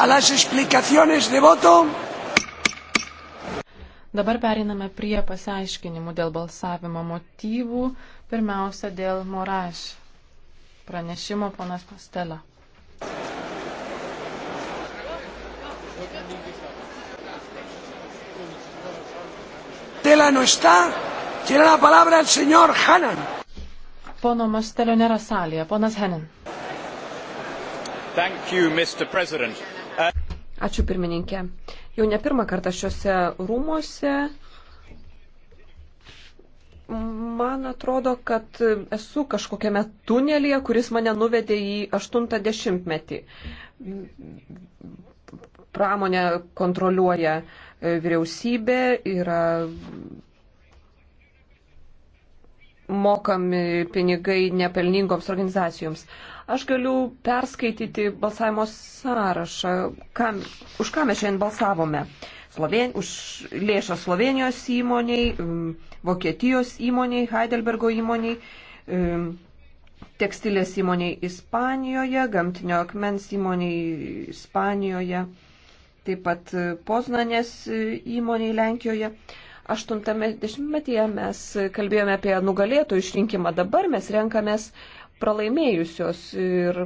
a las explicaciones de voto. Dabar periname prie pasiaiškinimų dėl balsavimo motyvų. Pirmiausia, dėl Moraš pranešimo ponas Pastela. Pastela no está. Tiene la palabra el señor Hanan. Pono Mastelio nėra salėje. Ponas Hanan. Thank you, Mr. President. Ačiū pirmininkė. Jau ne pirmą kartą šiuose rūmose. Man atrodo, kad esu kažkokiame tunelėje, kuris mane nuvedė į 80-metį. Pramonė kontroliuoja vyriausybė, yra mokami pinigai nepelningoms organizacijoms. Aš galiu perskaityti balsavimo sąrašą, kam, už ką mes šiandien balsavome. Sloven, už lėšą Slovenijos įmoniai, um, Vokietijos įmoniai, Heidelbergo įmoniai, um, tekstilės įmoniai Ispanijoje, gamtinio akmens įmoniai Ispanijoje, taip pat uh, Poznanės uh, įmoniai Lenkijoje. Aštuntame dešimtmetyje mes kalbėjome apie nugalėtų išrinkimą, dabar mes renkamės pralaimėjusios ir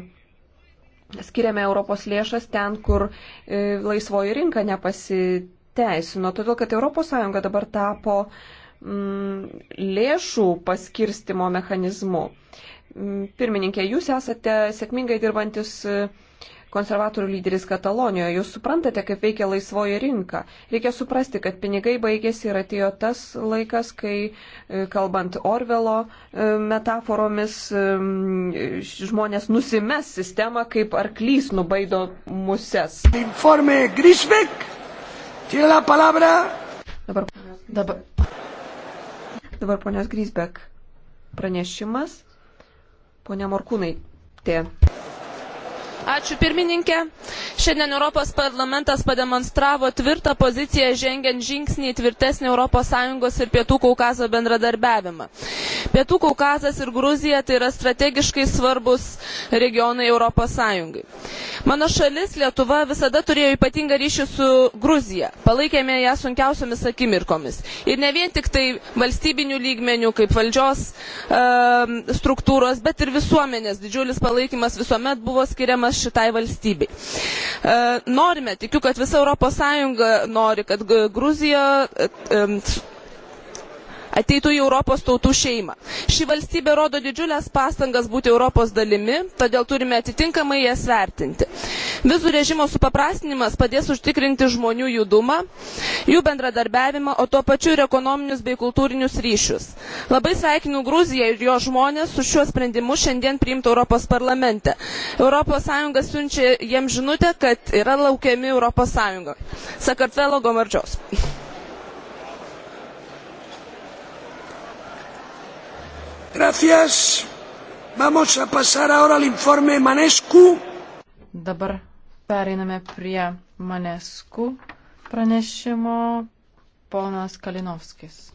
skiriame Europos lėšas ten, kur e, laisvoji rinka nepasiteisino, todėl kad ES dabar tapo mm, lėšų paskirstimo mechanizmu. Mm, pirmininkė, jūs esate sėkmingai dirbantis e, konservatorių lyderis Katalonijoje. Jūs suprantate, kaip veikia laisvoji rinka. Reikia suprasti, kad pinigai baigėsi ir atėjo tas laikas, kai, e, kalbant Orvelo e, metaforomis, e, žmonės nusimes sistemą, kaip arklys nubaido muses. Informe Grisbek, tiene la palabra. Dabar, dabar, dabar ponios Grisbek pranešimas. Pone Morkūnai, tė. Ačiū pirmininkė. Šiandien Europos parlamentas pademonstravo tvirtą poziciją žengiant žingsnį į tvirtesnį ES ir Pietų Kaukazo bendradarbiavimą. Pietų Kaukazas ir Gruzija tai yra strategiškai svarbus regionai ES. Mano šalis Lietuva visada turėjo ypatingą ryšį su Gruzija. Palaikėme ją sunkiausiomis akimirkomis. Ir ne vien tik tai valstybinių lygmenių, kaip valdžios e, struktūros, bet ir visuomenės. Didžiulis palaikymas visuomet buvo skiriamas šitai valstybei. E, norime, tikiu, kad visa Europos Sąjunga nori, kad Gruzija e, e, ateitų į europos tautų šeimą. ši valstybė rodo didžiules pastangas būti europos dalimi todėl turime atitinkamai jas vertinti. vizų režimo supaprastinimas padės užtikrinti žmonių judumą jų bendradarbiavimą o tuo pačiu ir ekonominius bei kultūrinius ryšius. labai sveikinu gruziją ir jos žmones su šiuo sprendimu šiandien priimtu europos parlamente. europos sąjunga siunčia jiems žinutę kad yra laukiami europos sąjungoje. sakartvelo gomardžios. Gracias. Vamos a pasar ahora al informe Manescu. Dabar pereiname prie Manescu pranešimo ponas Kalinovskis.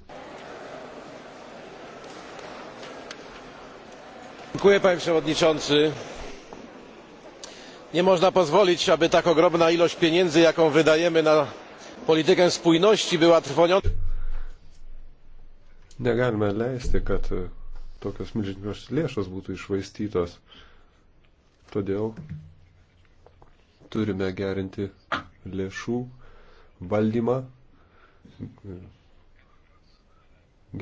Dziękuję panie przewodniczący. Nie można pozwolić, aby tak ogromna ilość pieniędzy, jaką wydajemy na politykę spójności, była trwoniona. Negalime leisti, kad tokios milžininkos lėšos būtų išvaistytos. Todėl turime gerinti lėšų valdymą,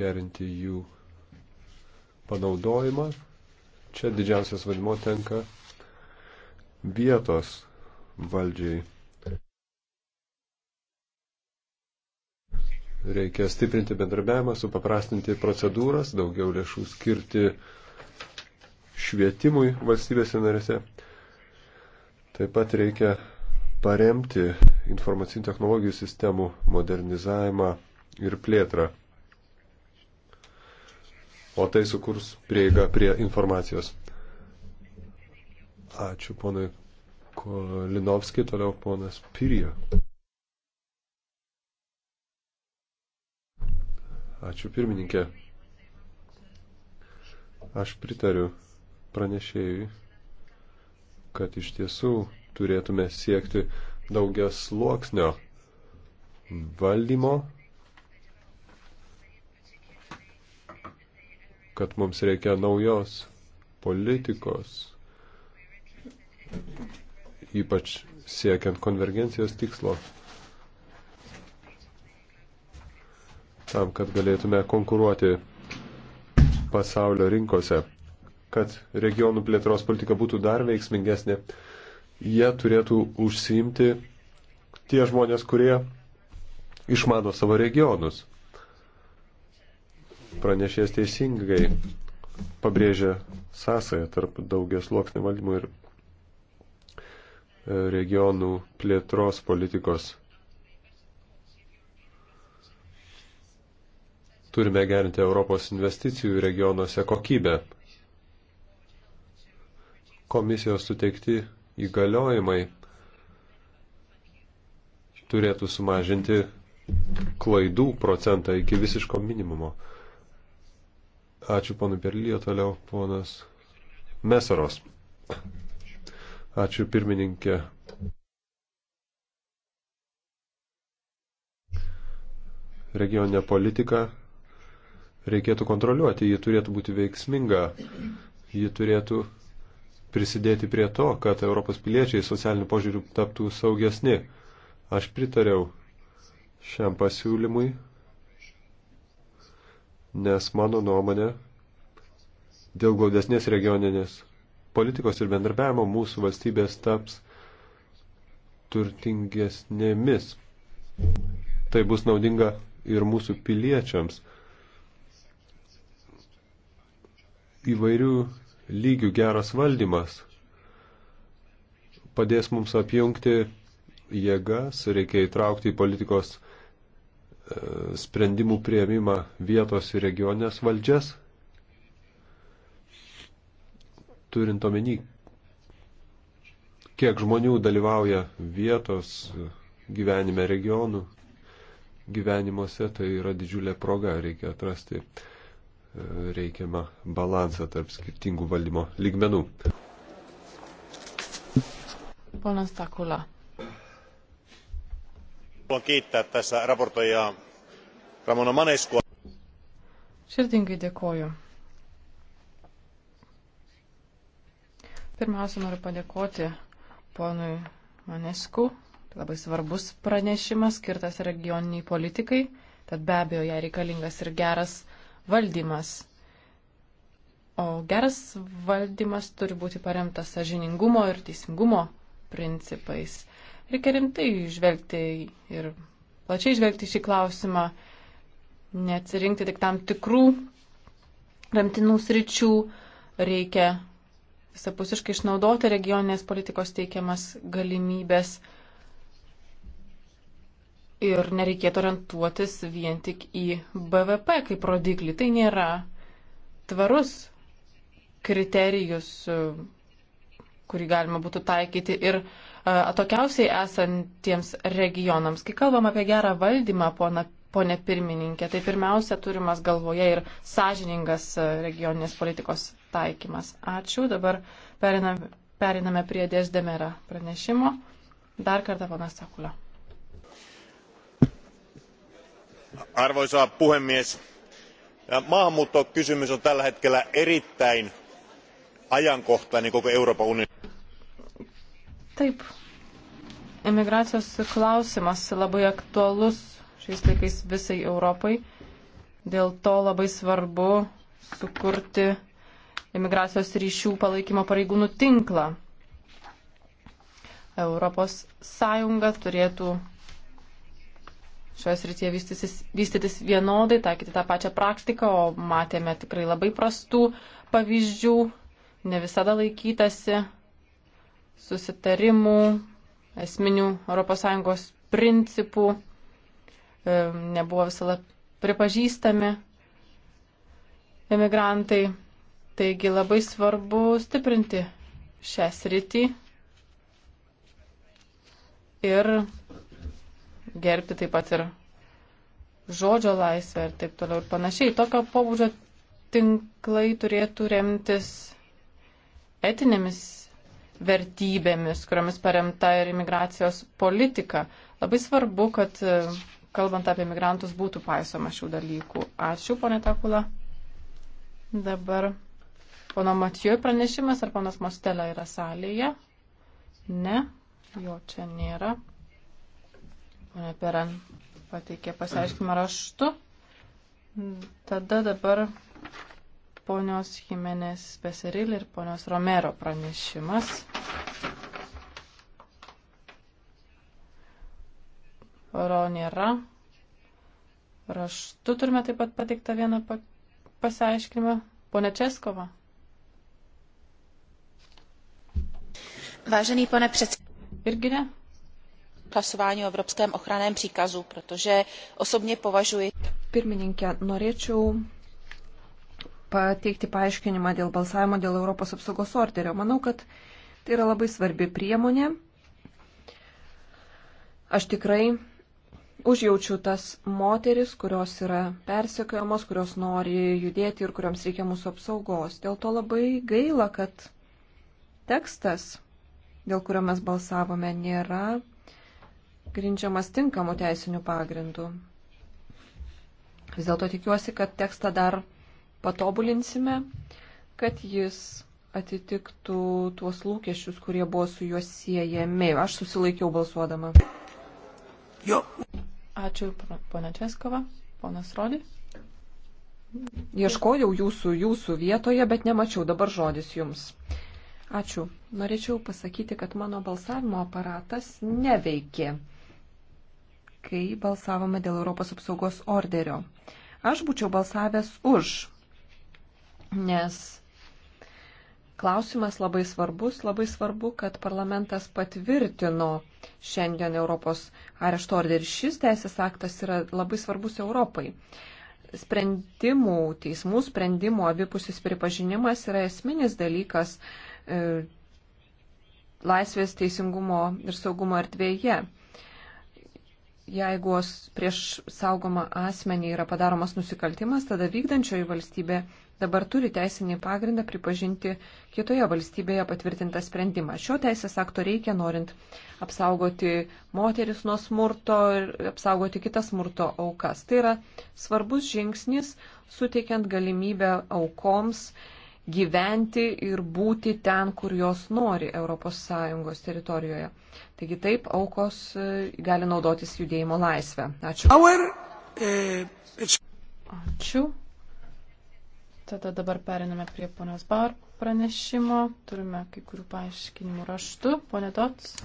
gerinti jų panaudojimą. Čia didžiausias vadimo tenka vietos valdžiai. Reikia stiprinti bendrabiavimą, supaprastinti procedūras, daugiau lėšų skirti švietimui valstybėse narėse. Taip pat reikia paremti informacinių technologijų sistemų modernizavimą ir plėtrą. O tai sukurs prieigą prie informacijos. Ačiū ponui Kolinovskiai, toliau ponas Pirija. Ačiū pirmininkė. Aš pritariu pranešėjui, kad iš tiesų turėtume siekti daugias sluoksnio valdymo, kad mums reikia naujos politikos, ypač siekiant konvergencijos tikslo. tam, kad galėtume konkuruoti pasaulio rinkose, kad regionų plėtros politika būtų dar veiksmingesnė, jie turėtų užsiimti tie žmonės, kurie išmano savo regionus. Pranešės teisingai pabrėžia sąsąją tarp daugias luoksnių valdymų ir e, regionų plėtros politikos Turime gerinti Europos investicijų regionuose kokybę. Komisijos suteikti įgaliojimai turėtų sumažinti klaidų procentą iki visiško minimumo. Ačiū ponui Perlyje, toliau ponas Mesaros. Ačiū pirmininkė. Regioninė politika reikėtų kontroliuoti, ji turėtų būti veiksminga, ji turėtų prisidėti prie to, kad Europos piliečiai socialinių požiūrių taptų saugesni. Aš pritariau šiam pasiūlymui, nes mano nuomonė dėl glaudesnės regioninės politikos ir bendarbiavimo mūsų valstybės taps turtingesnėmis. Tai bus naudinga ir mūsų piliečiams. įvairių lygių geras valdymas padės mums apjungti jėgas, reikia įtraukti į politikos e, sprendimų prieimimą vietos ir regionės valdžias, turint omeny, kiek žmonių dalyvauja vietos gyvenime regionų gyvenimuose, tai yra didžiulė proga, reikia atrasti reikiamą balansą tarp skirtingų valdymo lygmenų. Ponas Takula. Haluan kiittää tässä raportoijaa Ramona Maneskua. Širdingai dėkoju. Pirmiausia, noriu padėkoti ponui Manesku. Labai svarbus pranešimas skirtas regioniniai politikai, tad be abejo, jai reikalingas ir geras valdymas. O geras valdymas turi būti paremtas sažiningumo ir teisingumo principais. Reikia rimtai žvelgti ir plačiai žvelgti šį klausimą, neatsirinkti tik tam tikrų remtinų sričių, reikia visapusiškai išnaudoti regioninės politikos teikiamas galimybės ir nereikėtų orientuotis vien tik į BVP kaip rodiklį. Tai nėra tvarus kriterijus, kurį galima būtų taikyti ir e, atokiausiai esantiems regionams. Kai kalbam apie gerą valdymą, pona, ponė pirmininkė, tai pirmiausia turimas galvoje ir sąžiningas e, regioninės politikos taikymas. Ačiū. Dabar periname, periname prie Dėsdemera pranešimo. Dar kartą pana Sakulio. arvoisa puhemies maahanmuuttokysymys on tällä hetkellä erittäin ajankohtainen koko euroopan unionissa. Taip. Imigracijos klausimas labai aktualus šiais laikais visai Europai. Dėl to labai svarbu sukurti imigracijos ryšių palaikymo pareigūnų tinklą. Europos Sąjunga turėtų šioje srityje vystytis, vystytis vienodai, taikyti tą pačią praktiką, o matėme tikrai labai prastų pavyzdžių, ne visada laikytasi susitarimų, esminių ES principų, e, nebuvo visada pripažįstami emigrantai. Taigi labai svarbu stiprinti šią sritį ir gerbti taip pat ir žodžio laisvę ir taip toliau ir panašiai. Tokio pobūdžio tinklai turėtų remtis etinėmis vertybėmis, kuriomis paremta ir imigracijos politika. Labai svarbu, kad e, kalbant apie migrantus būtų paisoma šių dalykų. Ačiū, ponė Takula. Dabar pono Matijoj pranešimas, ar ponas Mostelė yra salėje? Ne, jo čia nėra. Peran pateikė pasiaiškimą raštu. Tada dabar ponios Jimenez Peseril ir ponios Romero pranešimas. Oro nėra. Raštu turime taip pat pateiktą vieną pasiaiškinimą. Pone Českova. Vážený pane předsedo. Irgi ne hlasování o evropském ochranném příkazu, protože osobně považuji. Pirmininkė, norėčiau pateikti paaiškinimą dėl balsavimo dėl Europos apsaugos orderio. Manau, kad tai yra labai svarbi priemonė. Aš tikrai užjaučiu tas moteris, kurios yra persekiojamos, kurios nori judėti ir kuriams reikia mūsų apsaugos. Dėl to labai gaila, kad tekstas, dėl kurio mes balsavome, nėra grindžiamas tinkamų teisinių pagrindų. Vis dėlto tikiuosi, kad tekstą dar patobulinsime, kad jis atitiktų tuos lūkesčius, kurie buvo su juos siejami. Aš susilaikiau balsuodama. Jo. Ačiū, ponia Českova, ponas Rodi. Ieškojau jūsų, jūsų vietoje, bet nemačiau dabar žodis jums. Ačiū. Norėčiau pasakyti, kad mano balsavimo aparatas neveikė kai balsavome dėl Europos apsaugos orderio. Aš būčiau balsavęs už, nes klausimas labai svarbus, labai svarbu, kad parlamentas patvirtino šiandien Europos arešto orderį. Šis teisės aktas yra labai svarbus Europai sprendimų, teismų sprendimų abipusis pripažinimas yra esminis dalykas e, laisvės, teisingumo ir saugumo erdvėje jeigu prieš saugomą asmenį yra padaromas nusikaltimas, tada vykdančioji valstybė dabar turi teisinį pagrindą pripažinti kitoje valstybėje patvirtintą sprendimą. Šio teisės akto reikia, norint apsaugoti moteris nuo smurto ir apsaugoti kitas smurto aukas. Tai yra svarbus žingsnis, suteikiant galimybę aukoms gyventi ir būti ten, kur jos nori ES teritorijoje. Taigi taip aukos e, gali naudotis judėjimo laisvę. Ačiū. E, Ačiū. Tada dabar periname prie ponios Bar pranešimo. Turime kai kurių paaiškinimų raštų. Pone Dots.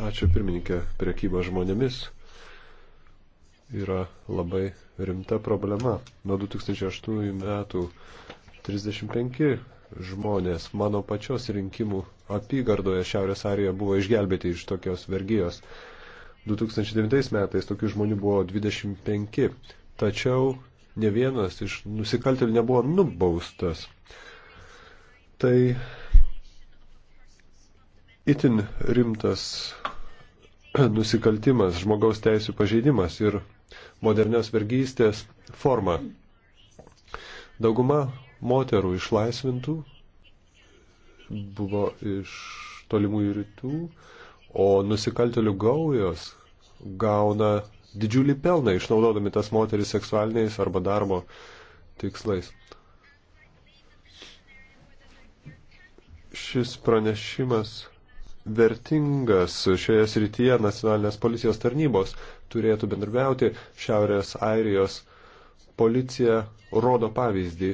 Ačiū pirmininkė, priekyba žmonėmis yra labai rimta problema. Nuo 2008 metų 35 žmonės mano pačios rinkimų apygardoje Šiaurės Arijoje buvo išgelbėti iš tokios vergijos. 2009 metais tokių žmonių buvo 25, tačiau ne vienas iš nusikaltelių nebuvo nubaustas. Tai itin rimtas nusikaltimas, žmogaus teisų pažeidimas ir modernios vergystės formą. Dauguma moterų išlaisvintų buvo iš tolimųjų rytų, o nusikaltelių gaujos gauna didžiulį pelną, išnaudodami tas moteris seksualiniais arba darbo tikslais. Šis pranešimas vertingas šioje srityje nacionalinės policijos tarnybos turėtų bendrabiauti Šiaurės Airijos policija rodo pavyzdį.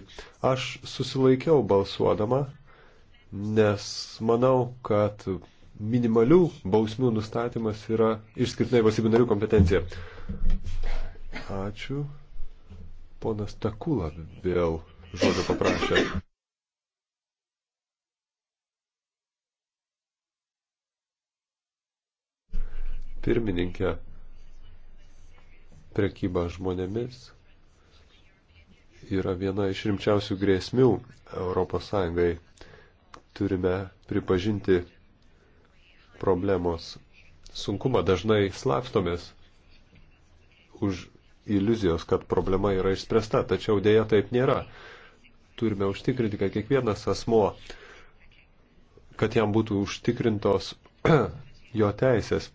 Aš susilaikiau balsuodama, nes manau, kad minimalių bausmių nustatymas yra išskirtinai valstybių narių kompetencija. Ačiū. Ponas Takula vėl žodžio paprašė. Pirmininkė, prekyba žmonėmis yra viena iš rimčiausių grėsmių ES. Turime pripažinti problemos sunkumą, dažnai slapstomės už iliuzijos, kad problema yra išspręsta, tačiau dėja taip nėra. Turime užtikrinti, kad kiekvienas asmo, kad jam būtų užtikrintos jo teisės.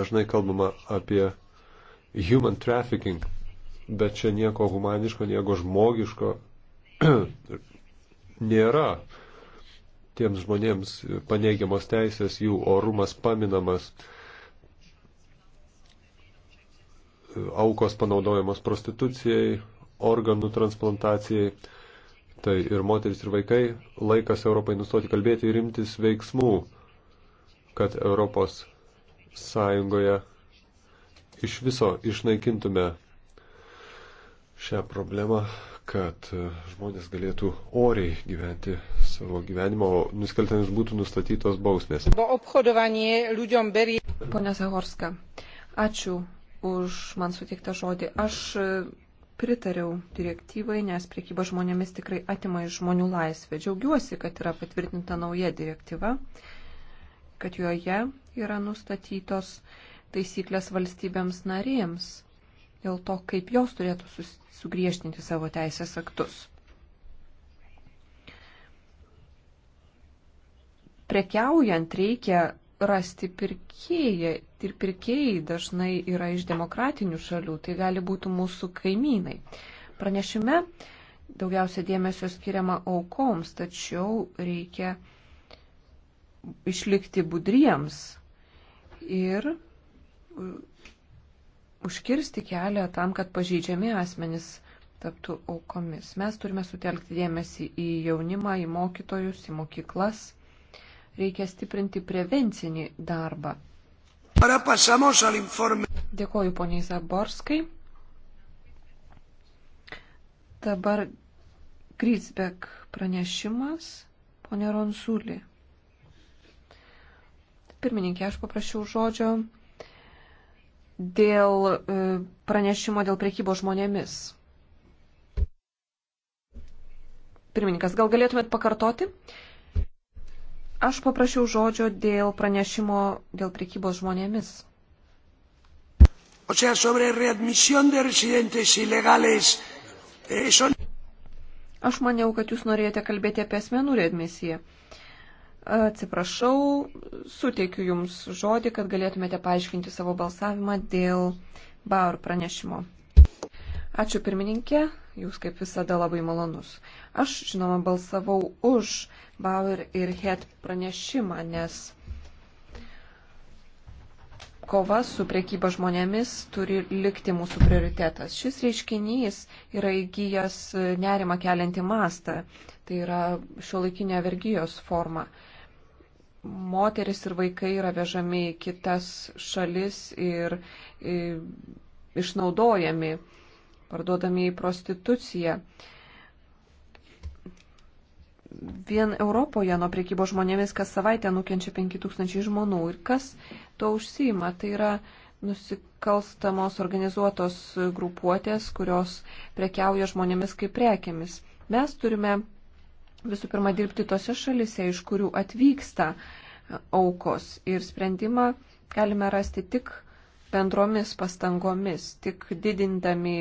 Dažnai kalbama apie human trafficking, bet čia nieko humaniško, nieko žmogiško nėra. Tiems žmonėms paneigiamos teisės, jų orumas paminamas, aukos panaudojamos prostitucijai, organų transplantacijai, tai ir moteris ir vaikai, laikas Europai nustoti kalbėti ir imtis veiksmų, kad Europos Sąjungoje iš viso išnaikintume šią problemą, kad e, žmonės galėtų oriai gyventi savo gyvenimo, o nusikaltėms būtų nustatytos bausmės. Pone Zahorska, ačiū už man suteiktą žodį. Aš e, pritariau direktyvai, nes priekyba žmonėmis tikrai atima iš žmonių laisvę. Džiaugiuosi, kad yra patvirtinta nauja direktyva, kad joje yra nustatytos taisyklės valstybėms narėms dėl to, kaip jos turėtų sugriežtinti savo teisės aktus. Prekiaujant reikia rasti pirkėją ir pirkėjai dažnai yra iš demokratinių šalių, tai gali būti mūsų kaimynai. Pranešime daugiausia dėmesio skiriama aukoms, tačiau reikia išlikti budriems ir užkirsti kelią tam, kad pažeidžiami asmenys taptų aukomis. Mes turime sutelkti dėmesį į jaunimą, į mokytojus, į mokyklas. Reikia stiprinti prevencinį darbą. Dėkoju poniai Zaborskai. Dabar Grisbek pranešimas, ponė Ronsulį. Pirmininkė, aš paprašiau žodžio dėl e, pranešimo dėl priekybo žmonėmis. Pirmininkas, gal galėtumėt pakartoti? Aš paprašiau žodžio dėl pranešimo dėl priekybos žmonėmis. O sea, sobre readmisión de residentes ilegales. Eh, son... Aš maniau, kad jūs norėjote kalbėti apie asmenų readmisiją. Atsiprašau, suteikiu Jums žodį, kad galėtumėte paaiškinti savo balsavimą dėl Baur pranešimo. Ačiū pirmininkė, Jūs kaip visada labai malonus. Aš, žinoma, balsavau už Baur ir Het pranešimą, nes kova su priekyba žmonėmis turi likti mūsų prioritetas. Šis reiškinys yra įgyjęs nerima keliantį mastą. Tai yra šiuolaikinė vergyjos forma moteris ir vaikai yra vežami į kitas šalis ir, ir išnaudojami, parduodami į prostituciją. Vien Europoje nuo priekybo žmonėmis kas savaitę nukenčia 5000 žmonių. Ir kas to užsima? Tai yra nusikalstamos organizuotos grupuotės, kurios prekiauja žmonėmis kaip prekiamis. Mes turime visų pirma dirbti tose šalise, iš kurių atvyksta aukos. Ir sprendimą galime rasti tik bendromis pastangomis, tik didindami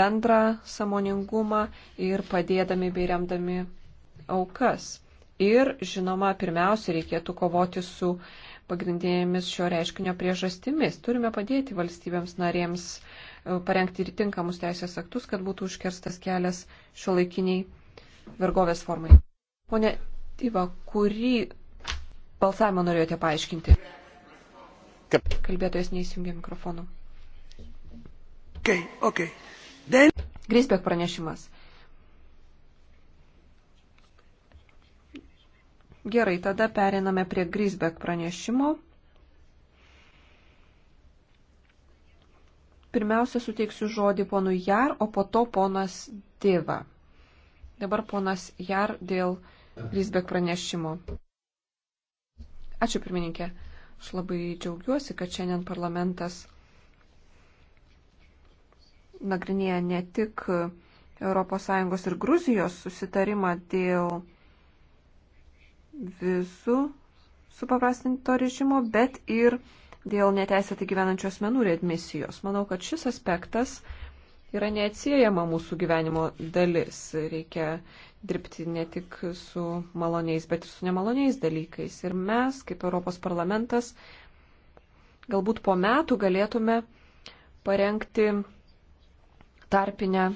bendrą samoningumą ir padėdami bei remdami aukas. Ir, žinoma, pirmiausia, reikėtų kovoti su pagrindinėmis šio reiškinio priežastimis. Turime padėti valstybėms narėms e, parengti ir tinkamus teisės aktus, kad būtų užkirstas kelias šio laikiniai vergovės formai. Pone Tyva, kurį balsavimą norėjote paaiškinti? Kalbėtojas neįsijungė mikrofonų. Okay, okay. Then... Grisbek pranešimas. Gerai, tada periname prie Grisbek pranešimo. Pirmiausia, suteiksiu žodį ponui Jar, o po to ponas Dėva. Dabar ponas Jar dėl Lysbek pranešimo. Ačiū pirmininkė. Aš labai džiaugiuosi, kad šiandien parlamentas nagrinėja ne tik ES ir Gruzijos susitarimą dėl visų supaprastinto režimo, bet ir dėl neteisėtai gyvenančių asmenų readmisijos. Manau, kad šis aspektas yra neatsiejama mūsų gyvenimo dalis. Reikia dirbti ne tik su maloniais, bet ir su nemaloniais dalykais. Ir mes, kaip Europos parlamentas, galbūt po metų galėtume parengti tarpinę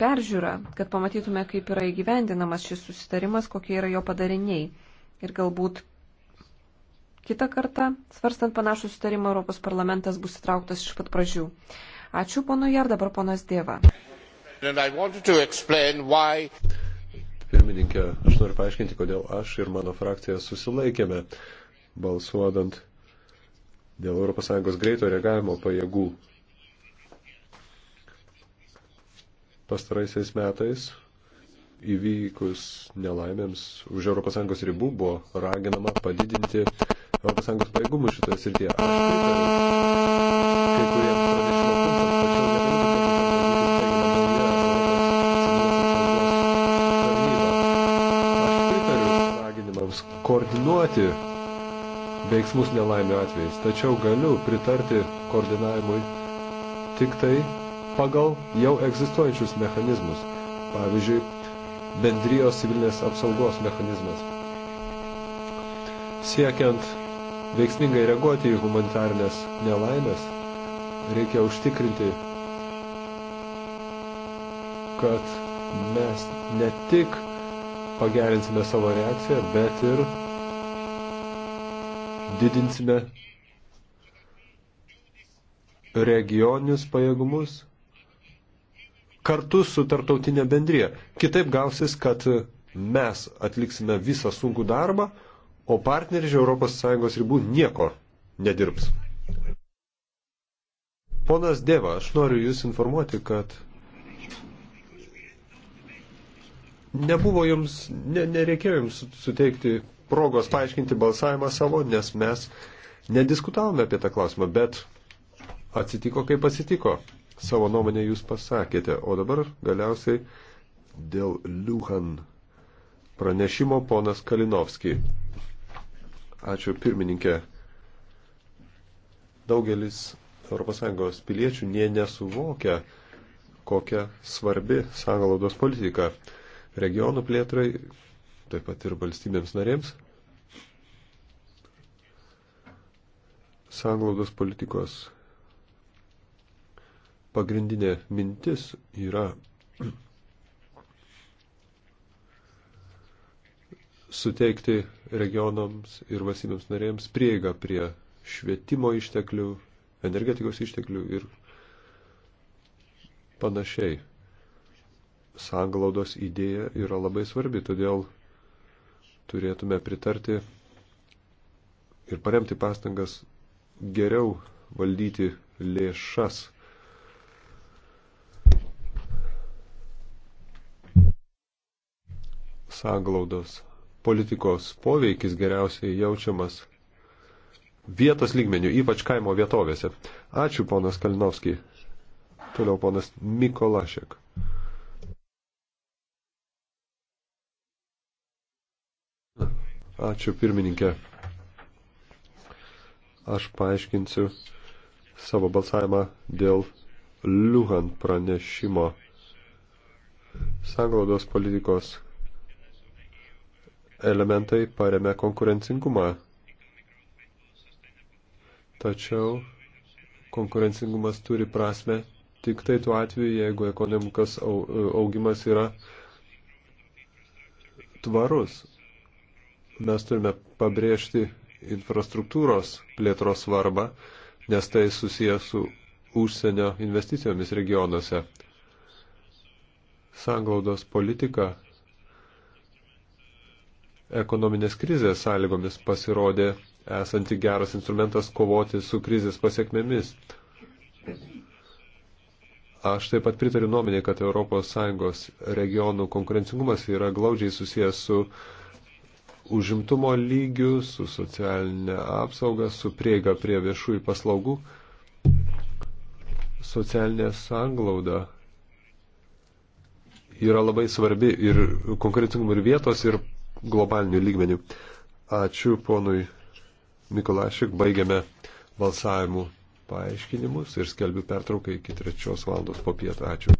peržiūrą, kad pamatytume, kaip yra įgyvendinamas šis susitarimas, kokie yra jo padariniai. Ir galbūt kitą kartą, svarstant panašų susitarimą, Europos parlamentas bus įtrauktas iš pat pradžių. Ačiū ponui Jar, dabar ponas Dieva. Pirmininkė, aš noriu paaiškinti, kodėl aš ir mano frakcija susilaikėme balsuodant dėl ES greito reagavimo pajėgų. Pastaraisiais metais įvykus nelaimėms už ES ribų buvo raginama padidinti ES pajėgumus šitoje srityje. Aš pritariu kai kuriems koordinuoti veiksmus nelaimio atvejais, tačiau galiu pritarti koordinavimui tik tai pagal jau egzistuojančius mechanizmus, pavyzdžiui, bendrijos civilinės apsaugos mechanizmas. Siekiant veiksmingai reaguoti į humanitarnės nelaimės, reikia užtikrinti, kad mes ne tik pagerinsime savo reakciją, bet ir didinsime regioninius pajėgumus kartu su tarptautinė bendrija. Kitaip gausis, kad mes atliksime visą sunkų darbą, o partneriai iš ES ribų nieko nedirbs. Ponas Dėva, aš noriu Jūs informuoti, kad nebuvo jums, ne, nereikėjo jums suteikti progos paaiškinti balsavimą savo, nes mes nediskutavome apie tą klausimą, bet atsitiko, kaip atsitiko. Savo nuomonę jūs pasakėte. O dabar galiausiai dėl Liuhan pranešimo ponas Kalinovski. Ačiū pirmininkė. Daugelis ES piliečių nie nesuvokia, kokia svarbi sangalaudos politika regionų plėtrai, taip pat ir valstybėms narėms. Sanglaudos politikos pagrindinė mintis yra suteikti regionams ir valstybėms narėms prieigą prie švietimo išteklių, energetikos išteklių ir panašiai sanglaudos idėja yra labai svarbi, todėl turėtume pritarti ir paremti pastangas geriau valdyti lėšas. Sanglaudos politikos poveikis geriausiai jaučiamas vietos lygmenių, ypač kaimo vietovėse. Ačiū, ponas Kalinovski. Toliau ponas Mikolašek. Ačiū pirmininkė. Aš paaiškinsiu savo balsavimą dėl Liuhan pranešimo sanglaudos politikos elementai paremia konkurencingumą. Tačiau konkurencingumas turi prasme tik tai tuo atveju, jeigu ekonomikos augimas yra tvarus mes turime pabrėžti infrastruktūros plėtros svarbą, nes tai susijęs su užsienio investicijomis regionuose. Sanglaudos politika ekonominės krizės sąlygomis pasirodė esanti geras instrumentas kovoti su krizės pasiekmėmis. Aš taip pat pritariu nuomonė, kad ES regionų konkurencingumas yra glaudžiai susijęs su uh, užimtumo lygiu, su socialinė apsauga, su prieiga prie viešųjų paslaugų, socialinė sanglauda yra labai svarbi ir konkurencingumų ir vietos, ir globalinių lygmenių. Ačiū ponui Mikulašik, baigiame balsavimų paaiškinimus ir skelbiu pertrauką iki trečios valandos po pietą. Ačiū.